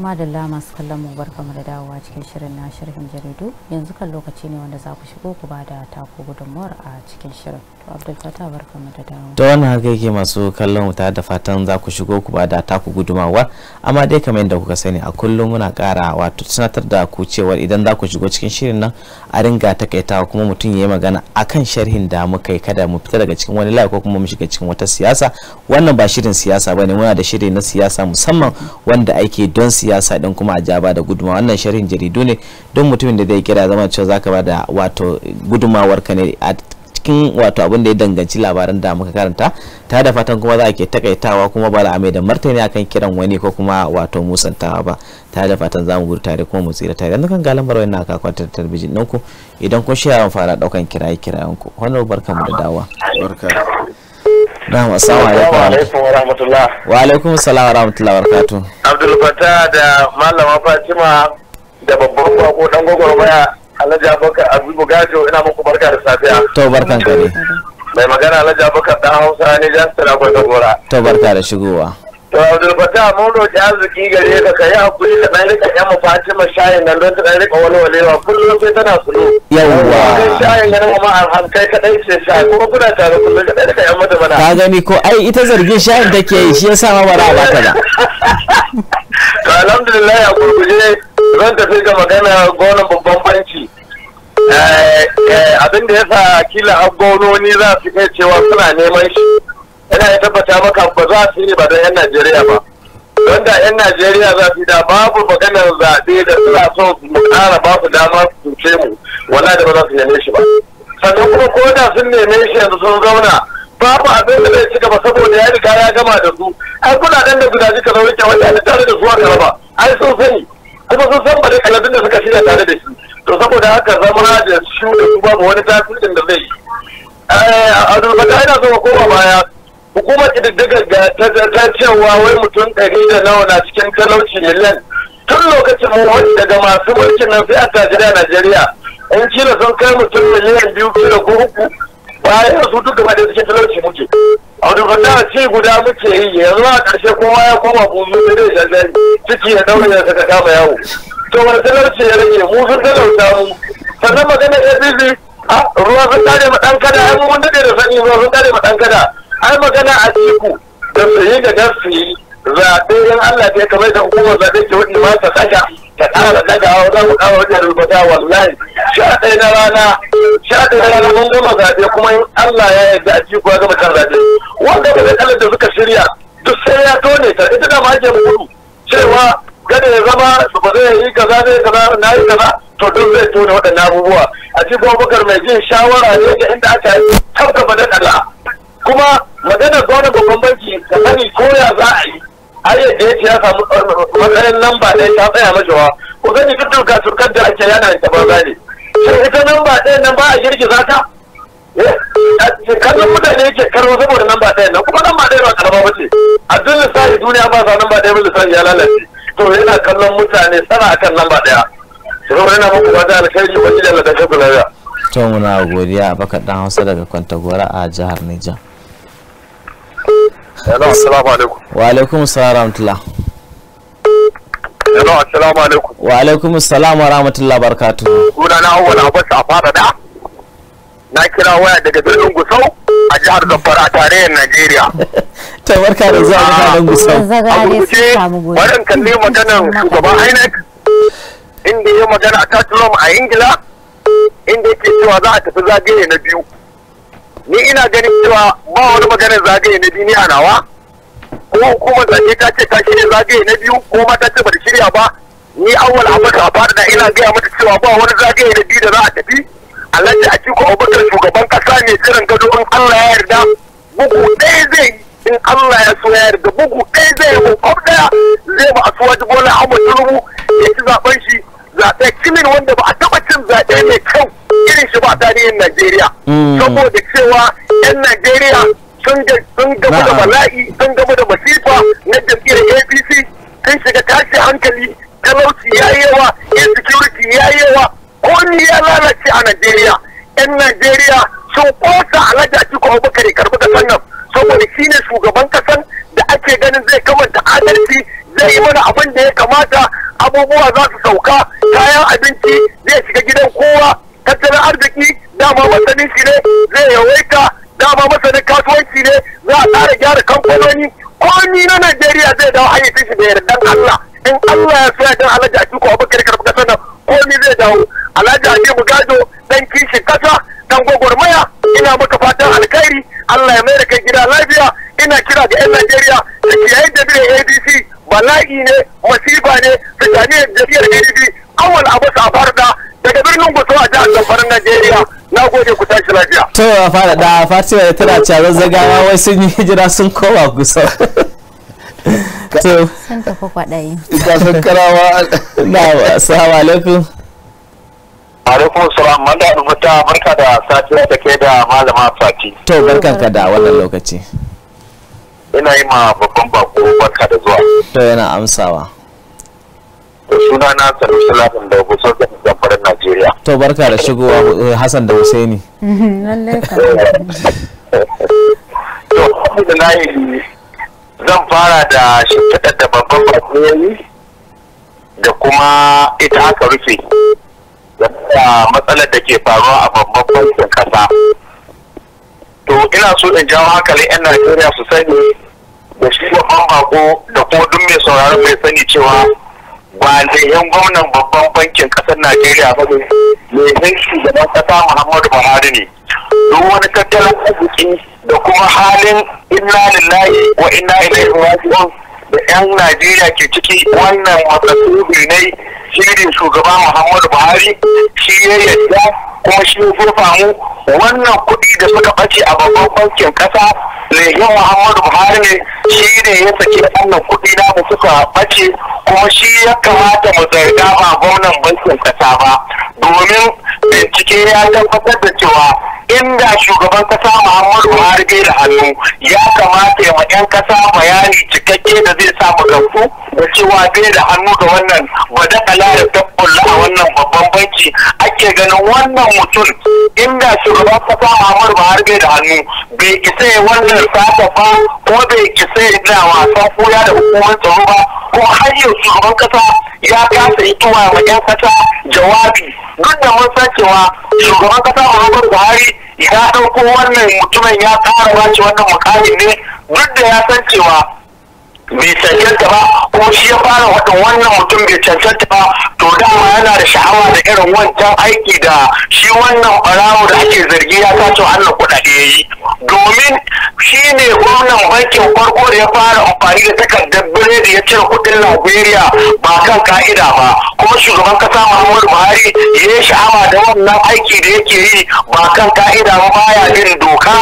da la masu kallon mu barkamu da dawowa cikin shirin na shirin jaridu yanzu kan lokaci ne wanda za ku shigo ku bada da taku gudunmuwar a cikin shirin da Ta wannan haka yake masu kallon mu tare da fatan za ku shigo ku ba da ku gudumawa amma dai kamar yadda kuka sani a kullum muna kara wato tunatar da ku cewa idan za ku shigo cikin shirin nan a ringa takaitawa kuma mutum ya yi magana akan sharhin da muka yi kada mu fita daga cikin wani layi ko kuma mu shiga cikin wata siyasa wannan ba shirin siyasa bane muna da shiri na siyasa musamman wanda ake don siyasa din kuma a jaba da gudumawa wannan sharhin jaridu ne don mutumin da zai kira zama cewa zaka ba da wato gudumawar ka ne a cikin wato abin da ya danganci labaran da muka karanta ta da fatan kuma za a ke takaitawa kuma ba mai da martani akan kiran wani ko kuma wato musantawa ba ta da fatan za mu gudu tare kuma mu tsira tare dan kan ga lambar wannan aka kwata talabijin ɗinku idan kun shirya mun fara daukan kirayi kirayen ku wannan barka mu da dawa barka Na'am assalamu alaikum wa rahmatullah wa alaikum salam wa rahmatullah wa barakatuh Abdul Fattah da Malama Fatima da babban kwako dan gwagwarmaya Alhaji Abubakar Azubu Gajo ina muku barka da safiya. To barkan ka ne. Mai magana Alhaji Abubakar dan Hausa ne jan sana kwai da gora. To barka da shigowa. To Abdul Fatah mun roki arziki gare ka kai hakuri ka dan rika yan Fatima shayin nan don ta dan rika wani walewa kullum sai tana sulu. Yawwa. Kai shayin nan ma alham kai ka dai ce shayi kuma kuna tare kullum ka dan rika yan mata mana. Ka gani ko ai ita zargin shayin take yi shi yasa ma bara ba ta da. To alhamdulillah ya gurguje zan tafi ga magana gonan babban banki eh, eh, abin da ya sa kila a gononi za su kai cewa suna neman shi yana ya tabbata maka ba za su yi ba don 'yan najeriya ba don da 'yan najeriya za su yi da babu maganar zaɓe da na so mu ƙara ba su dama su cuce mu wala da ba za su neme shi ba sannan kuma ko da sun neme shi yanzu sun zauna babu abin da zai ci gaba saboda ya riga ya gama da su ai dan da gudaji ka zauna ke wata tare da su a ai sun sani kuma sun san bari kaladun da suka shirya tare da shi to saboda haka zama da shi da su babu wani tasirin da zai yi eh, abdulbata ina so koma baya hukumar ƙididdigar ga ta cewa wai mutum ɗari da nawa na cikin talauci miliyan tun lokacin mu daga masu mulkin nan sai a najeriya An kila sun kai mutum miliyan biyu biyu da ko uku bayan su duka ba da cikin talauci muke a ci guda muke yi yanzu a ƙarshe kowa ya koma buzu zai zanzan ciki ya daure ya saka kama yawo to wani talauci ya rage mu sun talauta mu sannan magana abc ruwa sun kare ma ɗan kada ai mun daɗe da sani ruwa sun kare ma ɗan kada ai magana a ciku da su yi da gasu yi zaɓe in Allah ta kamar da hukumar zaɓe ke wani ma ta saka ta ƙara ɗagawa za mu ƙara wajen rubuta wallahi sha ɗaya na rana sha ɗaya ranar mun gama zaɓe kuma in Allah ya yarda a ciki gama kan zaɓe wanda matsalar da suka shirya duk sai ya tone ta ita da ma ake mutu cewa gada ya zama ba zai yi kaza ne kaza na yi kaza to duk zai tone waɗannan abubuwa a cikin babakar mai jin shawara ne ga inda aka yi tabbata da ɗala kuma maganar gwamnati babban banki ka sani koya za a yi har yadda ya ce ya samu eh, matsayin lamba ɗaya ta tsaya mashi wa ku sani duk duka da ake yana da tabar ne shin ita nan ba nan ba a girgiza ta eh, kallon mutane yake karo saboda nan ba nan kuma nan ba ɗayan ba karama ba ce a duk lissafi duniya ba sa nan ba ɗaya ba lissafi ya lalace to yana kallon mutane sana akan nan ba ɗaya saboda yana muku ba da alkhairi wani da lalace ku lafiya. to muna godiya baka dan hausa daga kwantagora a jihar Nijar. Hello, assalamu alaikum. Wa alaikum assalam wa rahmatullah. Hello, assalamu alaikum. Wa alaikum assalam wa rahmatullahi barakatu. na Awwal Abbas a fara da. Na kira waya daga birnin Gusau a jihar Zamfara a tarayyar Najeriya. Ta barka da zuwa mutanen Gusau. A gurguje, barin kalli maganan shugaban INEC inda ya magana a Tatulom a Ingila inda yake cewa za a tafi zagaye na biyu. Ni ina ganin cewa ba wani maganar zagaye na biyu ni a nawa. ko hukumar zaɓe ta ce ta shirya zagaye na biyu ko ma ta ce ba shirya ba ni awal abu ta fara da ina gaya mata cewa ba wani zagaye na biyu da za a tafi alhaji ciko abubakar shugaban kasa ne kiran gado in allah ya yarda bugu ɗaya zai in allah ya so ya yarda bugu ɗaya zai yi hukum ɗaya zai ba a suwa bola ahmad tinubu ya ci zaɓen shi zaɓe kimin wanda ba a taɓa cin zaɓe mai kyau irin shi ba a tarihin najeriya mm. saboda cewa 'yan najeriya sun gamu da bala'i sun shiga tashi hankali talauci ya yi yawa insecurity ya yi yawa komi ya lalace a najeriya yan najeriya sun kosa alhaji atiku abubakar karbi kasan nan saboda shi ne shugaban kasan da ake ganin zai kamanta adalci zai yi mana abin da ya kamata abubuwa za su sauka kayan abinci zai shiga gidan kowa tattalin arziki dama masanin shi ne zai yawaita dama masanin kasuwanci ne za a tsara gyara kamfanoni komi na najeriya zai dawo hayyacin shi da yarda Allah in Allah ya fiya dan Alhaji Atiku Abubakar karbi kasar nan komai zai dawo Alhaji Atiku Gado dan kishin kasa dan gwagwarmaya ina maka fatan alkhairi Allah ya mayar kai gida lafiya ina kira ga 'yan Najeriya da kiyaye da biyan ADC bala'i ne masifa ne tsakanin jam'iyyar ADC awal abu a da daga birnin Gusau a jihar Zamfaran Najeriya na gode ku tashi lafiya. To ya fara da Fatima tana cewa zagawa wai sun yi hijira sun koma kusa. kwaɗayi ita sun karawa na assalamu alaikum alaikum salam man da rubuta barka da safiya da ke da malama fati to barkan ka da wannan lokaci ina yi ma babban bako barka da zuwa to yana amsawa to suna na sanu salatin da gusau da zamfarin najeriya to barka da shigowa eh, hassan da Hussaini. lallai ka to alhamdulillah zan fara da shimfiɗar da babban bakiyoyi da kuma ita aka rufe da matsalar da ke faruwa a babban bankin ƙasa to ina so in jawo hankalin 'yan najeriya su sani da shi babban bako da kuma duk mai sauraron mai sani cewa ba yan gwamnan babban bankin ƙasar najeriya ba ne lehen shugaban ƙasa muhammadu buhari ne duk wani tattalin arziki da kuma halin inna lillahi wa inna ilaihi raji'un da 'yan Najeriya ke ciki wannan matsatsubi ne shirin shugaba Muhammadu Buhari shi ya yadda kuma shi ya mu. wannan kuɗi da suka ɓace a babban bankin ƙasa legen Muhammadu Buhari ne shi ne ya saki wannan kuɗi na da suka ɓace kuma shi ya kamata mu zarga ba gwamnan bankin ƙasa ba domin bincike ya tabbatar da cewa inda shugaban kasa muhammadu buhari bai da hannu ya kamata ya ma 'yan kasa bayani cikakke da zai samu gamsu da cewa bai da hannu ga wannan ba da tabbulla a wannan babban banki ake ganin wannan mutum inda shugaban kasa muhammadu buhari bai da hannu bai isa ya wannan sata ba ko bai isa ya na wasan koya da hukumar tsaro ba ko har yau shugaban kasa ya kasa yi ma 'yan kasa jawabi duk da mun san cewa shugaban kasa muhammadu buhari ya ɗauko wannan mutumin ya tsara wace wannan mukamin ne duk da ya san cewa bai cancanta ba ko shi ya fara wadin wannan mutum bai cancanta ba to dama yana da sha'awa da irin wancan aiki da shi wannan barawo da ake zargi ya sace wannan kuɗaɗe ya yi domin shi ne gwamnan bankin farko da ya fara amfani da takardar biredi ya cire kuɗin Najeriya ba kan ka'ida ba kuma shugaban kasa Muhammadu Buhari ya yi sha'awa da wannan aiki da yake yi ba kan ka'ida ba baya bin doka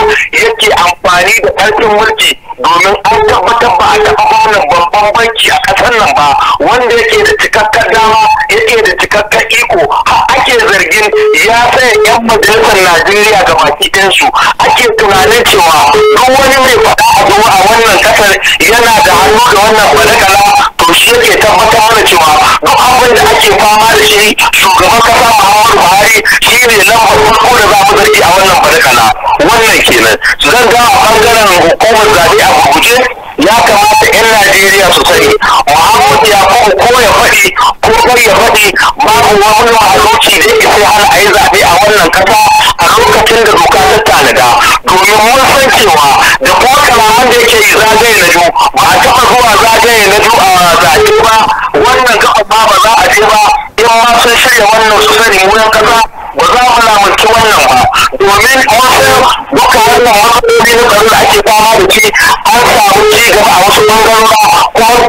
yake amfani da ƙarfin mulki domin an tabbatar ba a taɓa gwamnan babban banki a kasar nan ba wanda yake da cikakken dama yake da cikakken iko har ake zargin ya saya yan majalisar najeriya ga baki su ake tunanin cewa duk wani mai faɗa a zuwa a wannan kasar yana da hannu da wannan balagala to shi yake tabbatar mana cewa duk abin da ake fama da shi shugaban ƙasa muhammadu buhari shi ne lambar farko da za mu zargi a wannan balagala wannan kenan zan gama ɓangaren hukumar zaɓe a gurguje ya kamata 'yan Najeriya su sani Muhammad ya kuma ko ya faɗi ko bai ya faɗi babu wani mahaluci da yake sai hana a yi zaɓe a wannan ƙasa a lokacin da doka ta tanada domin mun san cewa da kuma kalaman da yake yi zagaye na ju ba a taɓa zuwa zagaye na ju a zaɓe ba wannan kafa ba ba za a je ba in ma sun shirya wannan su sani mu yan kasa ba za mu lamunci wannan ba domin mun san duka wannan matsaloli na tsaro da ake fama da shi an samu ci gaba a wasu ɓangarora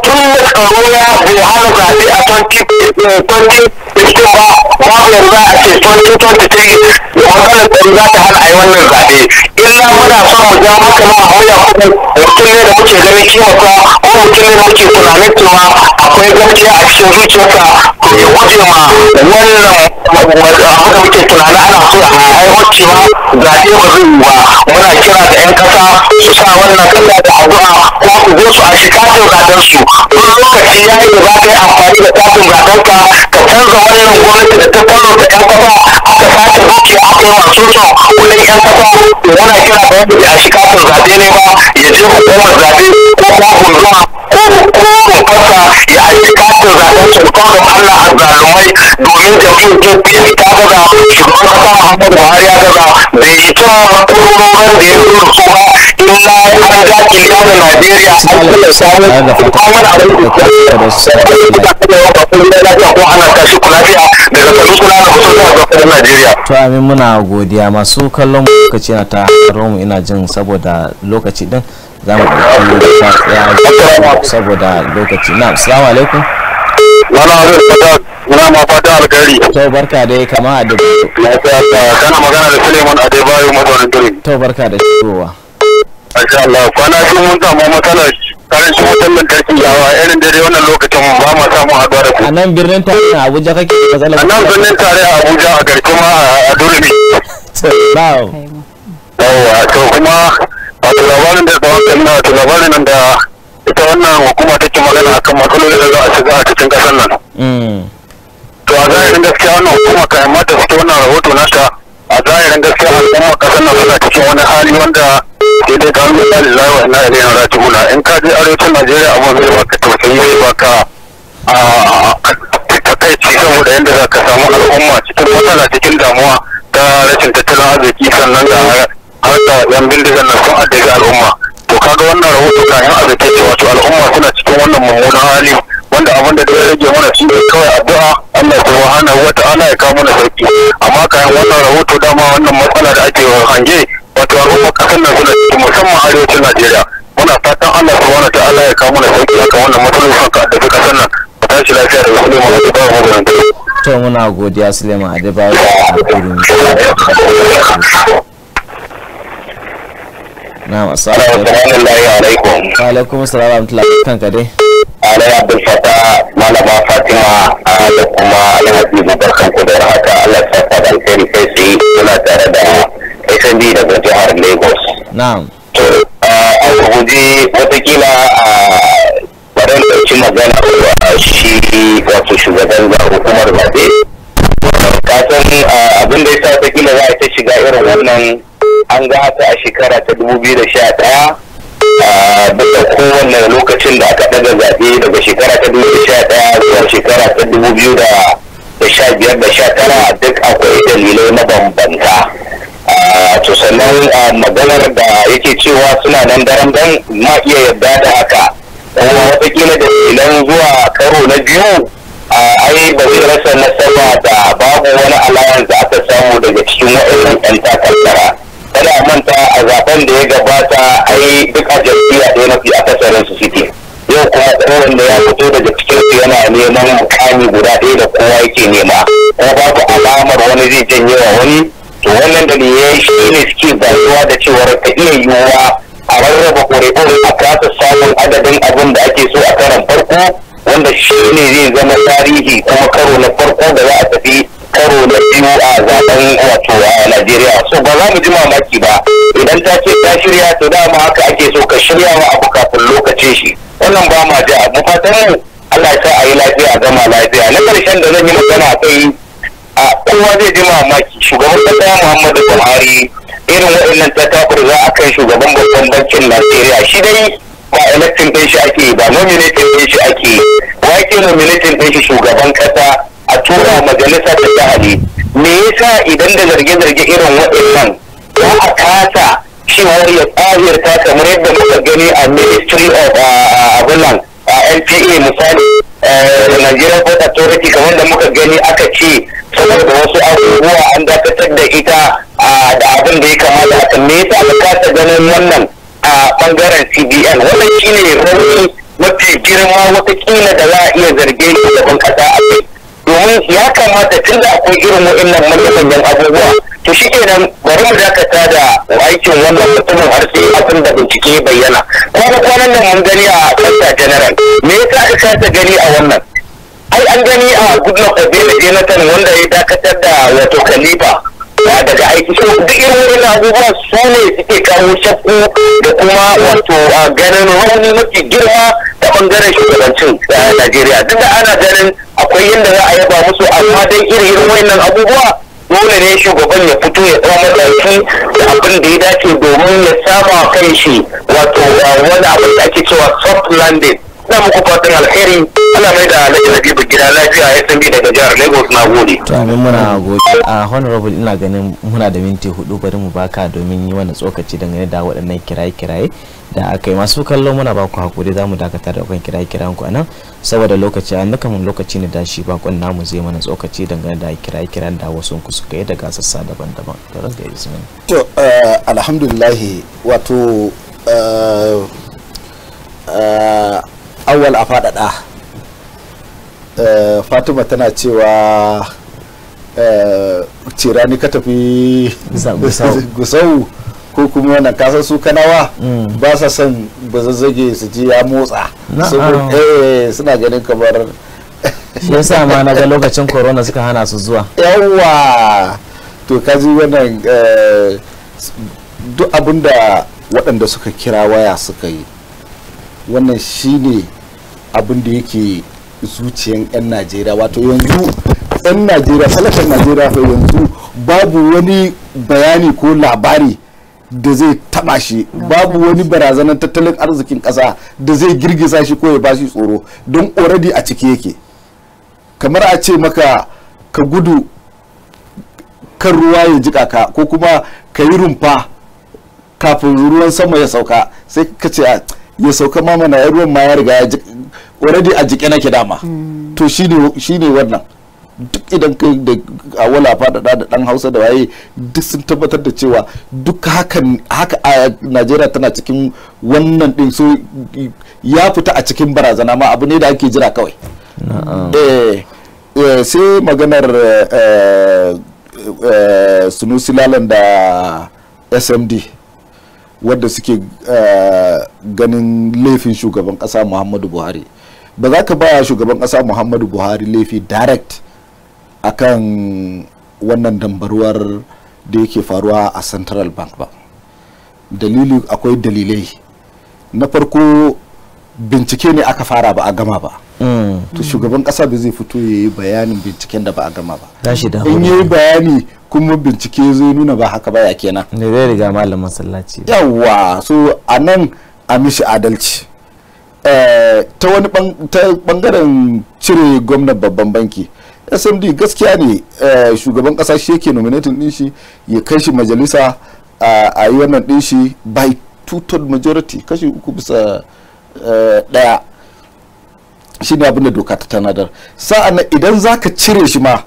kuma tun da tsaro ya bai hana zaɓe a 2015 ba babu yarda a ce 2023 maganar tsaro za ta hana a yi wannan zaɓe illa muna son mu ja hankalin mu hauya kuɗi da mutum da muke ganin kimarsa ko mutum da muke tunanin cewa akwai gaskiya a cikin zuciyarka to ya guje ma wannan abu da muke tunanin ana so a aiwar cewa zaɓe ba zai yi ba muna kira da 'yan ƙasa su sa wannan kasa da addu'a ko su zo su a shi katin zaɓen su duk lokaci ya yi da za ka yi amfani da katin zaɓen ka ga wannan gwamnati da ta kwallo ta yan kasa aka sace dukiya aka yi masu so kullum yan kasa muna kira da wanda ya shi kafin zaɓe ne ba ya je hukumar zaɓe ko kuma gunduma ko kuma kasa ya shi kafin zaɓen su kawai shi domin jam'iyyar pdp ta gaza shugaban kasa muhammadu buhari ya gaza bai fita kurorin da ya zo su ba illa ya an dace da najeriya an kula samu kuma abin da ke da su To amin muna godiya masu kallon lokaci na ta mu ina jin saboda lokaci din za mu ɗauki saboda lokaci na alaikum Malam Abdul muna ma fata To barka dai kama a dubu. Kana magana da Suleiman Adebayo mazaunin Turin. To barka da shigowa. Masha Allah kwana biyu mun samu matsalar karancin wutar lantarki yawa irin dare wannan lokacin ba ma samu haɗuwa da ku. A nan birnin tare a Abuja kake matsalar. A nan birnin tare a Abuja a garki a Durmi. Wow. Yawwa to kuma wato labarin da tsawon kan na labarin da wannan hukuma take magana akan matsaloli da za a shiga a cikin kasar nan mm. to a zahirin gaskiya wannan hukuma yamma mata fito wannan rahoto nata a zahirin gaskiya al'umma kasar nan suna cikin wani hali wanda ke dai ka nuna da zai wa ina ilayen rajimuna in ka je arewacin najeriya abin zai baka tausayi zai baka takaici saboda yadda za ka samu al'umma cikin matsala cikin damuwa ta rashin tattalin arziki sannan da har da yan bindigan nan sun addabi al'umma to kaga wannan rahoto kayan azata ce wato al'umma suna cikin wannan mummunan hali wanda abin da ya rage mana shi kawai addu'a Allah wahana wa ta'ala ya kawo mana sauki amma kayan wannan rahoto dama wannan matsala da ake hange wato al'umma kasan nan suna cikin musamman arewacin Najeriya muna fatan Allah subhanahu wa ta'ala ya kawo mana sauki akan wannan matsalolin ka dafi kasan nan tashi lafiya da Suleiman Adebayo mabaranta. To muna godiya Suleiman Adebayo da na'am assalamu alaikum wa alaikum assalam wa rahmatullahi kanka dai alai abdul Fattah malama fatima da kuma alhaji barkan ku da haka allah ya saka da alheri kai tare da smb daga jihar lagos na'am to an guji watakila bari da ci magana shi wato shugaban hukumar zaɓe kasan abin da ya sa watakila za a ta shiga irin wannan an ga haka a shekara ta 2011 daga kowane lokacin da aka daga zaɓe daga shekara ta 2011 zuwa shekara ta 2015 da sha tara duk akwai dalilai mabambanta to sannan maganar da yake cewa suna nan daren dan ma iya yadda da haka kuma watakila da ilan zuwa karo na biyu ai ba zai rasa nasaba da babu wani alayan da aka samu daga cikin wa'annan 'yan takardara kada a manta a zaben da ya gabata a yi duk a jam'iyya ɗaya mafi akasarin su suke yau kuma kowanne ya fito daga jikin su yana neman mukami guda ɗaya da kowa yake nema ko babu alamar wani zai janye wa wani to wannan dalilai shi ne suke bayuwa da cewar ka iya yiwuwa a rarraba ƙuri'un a kasa samun adadin abin da ake so a karan farko wanda shi ne zai zama tarihi kuma karo na farko da za a tafi karo da biyu a zaben wato a Najeriya so ba za mu ji mamaki ba idan ta ce ta shirya to dama haka ake so ka shirya wa abu kafin lokacin shi wannan ba ma ja mu fatan mu Allah ya sa a yi lafiya a gama lafiya na karshen da zan yi magana kai a kowa zai ji mamaki shugaban kasa Muhammadu Buhari irin waɗannan tatakar za a kan shugaban babban bankin Najeriya shi dai ba electing ɗin shi ake ba nominating ɗin shi ake wa ke nominating ɗin shi shugaban kasa a tura majalisa da jahali me yasa idan da zarge-zarge irin waɗannan za a kasa cewa ya ta kamar yadda muka gani a ministry of abunan a npa misali eh, Nigerian Port Authority kamar da muka gani aka ce saboda wasu abubuwa an dakatar da ita da abin da ya kamata haka me yasa aka kasa ganin wannan a bangaren CBN wannan shine rauni mafi girma wata kila da za a iya zarge da kasa a kai domin ya kamata tun da akwai irin wa'annan manya-manyan abubuwa to shi kenan bari mu dakata da aikin wannan mutumin har sai abin da bincike bayyana kwana kwanan nan mun gani a kanta general me yasa aka kasa gani a wannan ai an gani a goodluck da jonathan wanda ya dakatar da wato khalifa ya daga aiki so duk irin wani abubuwa su ne suke kawo shakku da kuma wato a ganin rauni mafi girma ta bangaren shugabancin Najeriya duk da ana ganin akwai yadda za a yaba musu amma dan irin wannan abubuwa dole ne shugaban ya fito ya tsawon mataki da abin da ya dace domin ya sama kan shi wato wani abin da ake cewa soft landing. Na muku fatan alheri Allah mai da Alhaji Habibu gida lafiya SMB daga jihar Lagos na gode. To amin muna A honorable ina ganin muna da minti hudu bari mu baka domin yi wani tsokaci dangane da waɗannan kiraye-kiraye da aka yi masu kallo muna ba ku hakuri za mu dakatar da kan kiraye-kirayen ku anan saboda lokaci an nuka mun lokaci ne da shi bakon namu zai mana tsokaci dangane da kiraye-kirayen da wasu ku suka yi daga sassa daban-daban. To ranka yi To alhamdulillah wato awwal a faɗaɗa Eh, fatima tana cewa eh, cira ni ka tafi gusau ko kuma wannan kasar su kanawa mm. ba sa son bazazzage su ji ya motsa eh, suna ganin kamar shi yasa ma na ga lokacin corona suka hana su zuwa yawa to kaji wannan duk abinda waɗanda suka kira waya suka yi wannan shine abin da yake zuciyan 'yan najeriya wato yanzu 'yan najeriya talakan najeriya fa yanzu babu wani bayani ko labari da zai taba shi babu wani barazanar tattalin arzikin ƙasa da zai girgiza shi ko ya bashi tsoro don already a ciki yake kamar a ce maka ka gudu kan ruwa ya jika ka ko kuma ka yi rumfa kafin ruwan sama ya sauka sai ka ce ah, ya sauka ma mana ruwan ma ya riga already a jike nake dama to shine wannan duk idan kai da awala faɗaɗa da ɗan hausa da waye duk sun tabbatar da cewa duk hakan haka a najeriya tana cikin wannan din so ya fita a cikin barazana ma abu ne da ake jira kawai eh, eh, sai maganar eh, sunusi lalan da smd wadda suke eh, ganin laifin shugaban kasa muhammadu buhari ba za ka baya shugaban kasa muhammadu buhari laifi direct akan wannan dambaruwar da yake faruwa a central bank ba dalili akwai dalilai na farko bincike ne aka fara ba a gama ba mm. to shugaban kasa bai zai fito ya yi bayanin binciken da ba a gama ba in yi bayani kuma bincike zai nuna ba haka ba ya kenan ne zai riga malam masallaci yawa so a nan a mishi adalci eh, ta wani bangaren cire gwamnan babban banki smd gaskiya ne eh, shugaban kasa shi yake nominatin din shi ya kai shi majalisa a yi wannan din shi by two third majority kashi uku bisa Eh, daya. shi ne abin da doka ta tanadar sa'annan idan za ka cire shi ma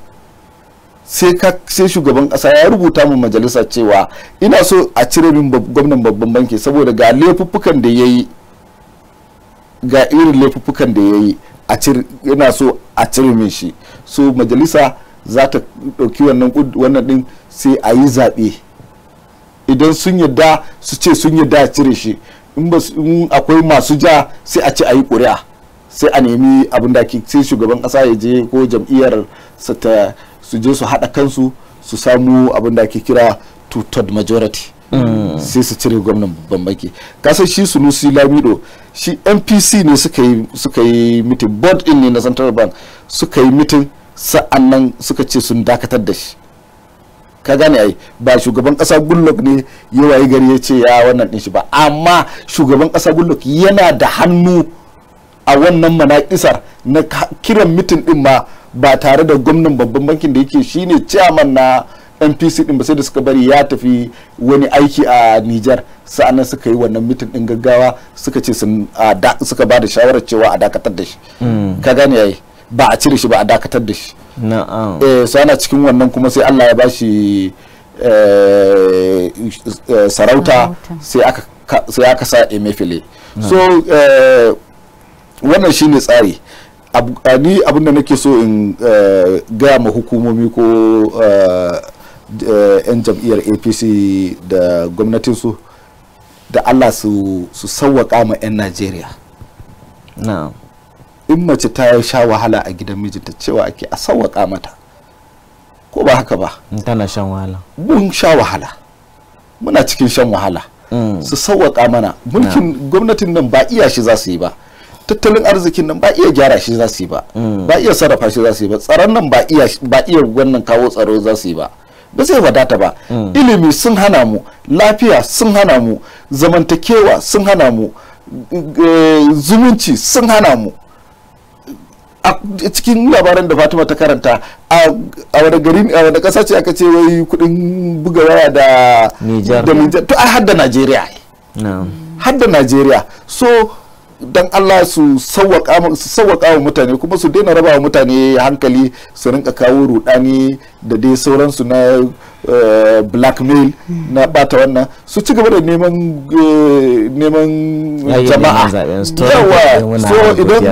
sai shugaban kasa ya rubuta mu majalisa cewa ina so a cire min gwamnan babban banki saboda ga laifuffukan da ya ga irin laifuffukan da ya yi yana so a cire min shi so majalisa za ta ɗauki wannan ɗin sai a yi zaɓe idan sun yadda su ce sun yadda a cire shi in akwai masu ja sai a ci a yi ƙuri'a sai a nemi abin da sai shugaban ƙasa ya je ko jam'iyyar su je su haɗa kansu su samu abin da ake kira two third majority mm. sai su cire gwamnan babban baki kasar shi nusi lamido shi npc ne suka yi mitin board din ne na central bank suka yi mitin sa'annan suka ce sun dakatar da shi ka gane ai ba shugaban kasa gullok ne ya wayi gari ya ce ya wannan din shi ba amma shugaban kasa gullok yana da hannu a wannan manaƙisar na kiran mitin din ma ba tare da gwamnan babban bankin da yake shine chairman na npc din ba sai da suka bari ya tafi wani aiki a niger sa'annan suka yi wannan mitin din gaggawa suka ce sun suka ba da shawarar cewa a dakatar da shi hmm. ka gane ai ba a cire shi ba a dakatar da shi na'am eh cikin wannan kuma sai Allah ya bashi eh, eh, sarauta sai aka sai aka sa emefile so eh, wannan shine tsari ni abin da nake so in gaya ma hukumomi ko 'yan jam'iyyar apc da gwamnatinsu da allah su sauwaka ma 'yan najeriya na'am. in mace ta sha wahala a gidan mijinta cewa ake a sawwaka mata ko ba haka ba tana shan wahala mun sha wahala muna cikin shan wahala mm. su sawwaka mana mulkin gwamnatin nan ba iya shi za su yi ba tattalin arzikin nan ba iya gyara shi za su yi ba mm. ba iya sarrafa shi za su yi ba tsaron nan ba iya ba wannan kawo tsaro za su yi ba ba zai wadata ba mm. ilimi sun hana mu lafiya sun hana mu zamantakewa sun hana mu eh, zumunci sun hana mu a cikin labaran da fatima ta karanta a wani gari a wani kasa ce aka ce wai kudin buga waya da nijar to a hadda da najeriya har da najeriya so don Allah su sauwaka wa mutane kuma su daina raba wa mutane hankali su rinka kawo rudani da dai sauransu na eh, blackmail hmm. na bata wannan su ci gaba da neman eh, neman jama'a yawa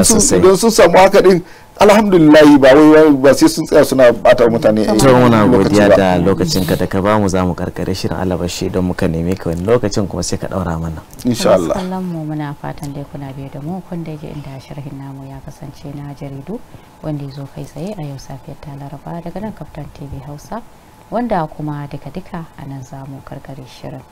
so idan sun samu haka din alhamdulillahi ba wai ba sai sun tsaya suna bata mutane to muna godiya da lokacin ka da ka bamu za mu karkare shirin alabashi don muka neme ka wani lokacin kuma sai ka daura mana insha Allah sallan mu muna fatan dai kuna biye da mu kun da yake inda sharhin namu ya kasance na jaridu wanda ya zo kai tsaye a yau safiyar ta laraba daga nan kaftan tv hausa wanda kuma duka-duka a nan za mu karkare shirin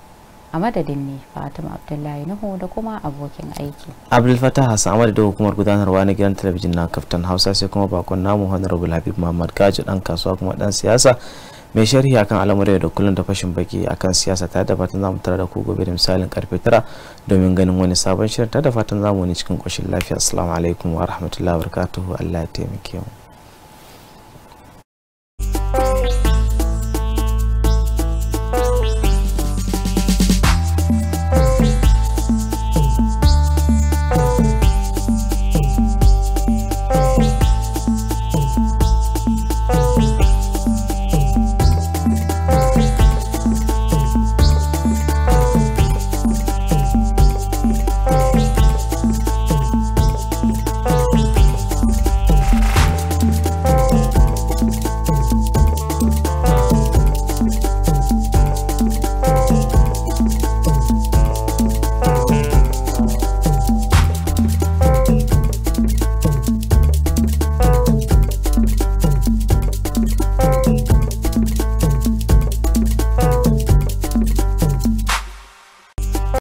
a madadin ne fatima abdullahi nuhu da kuma abokin aiki abdulfatah hassan da madadin hukumar gudanarwa na gidan talabijin na kaftan hausa sai kuma bakon namu honorable habib muhammad gaji dan kasuwa kuma dan siyasa mai sharhi akan al'amuran da kullum da fashin baki akan siyasa ta da fatan zamu tara da ku gobe da misalin karfe tara domin ganin wani sabon shirin ta da fatan zamu wani cikin koshin lafiya assalamu alaikum wa rahmatullahi wa barakatuhu Allah ya taimake mu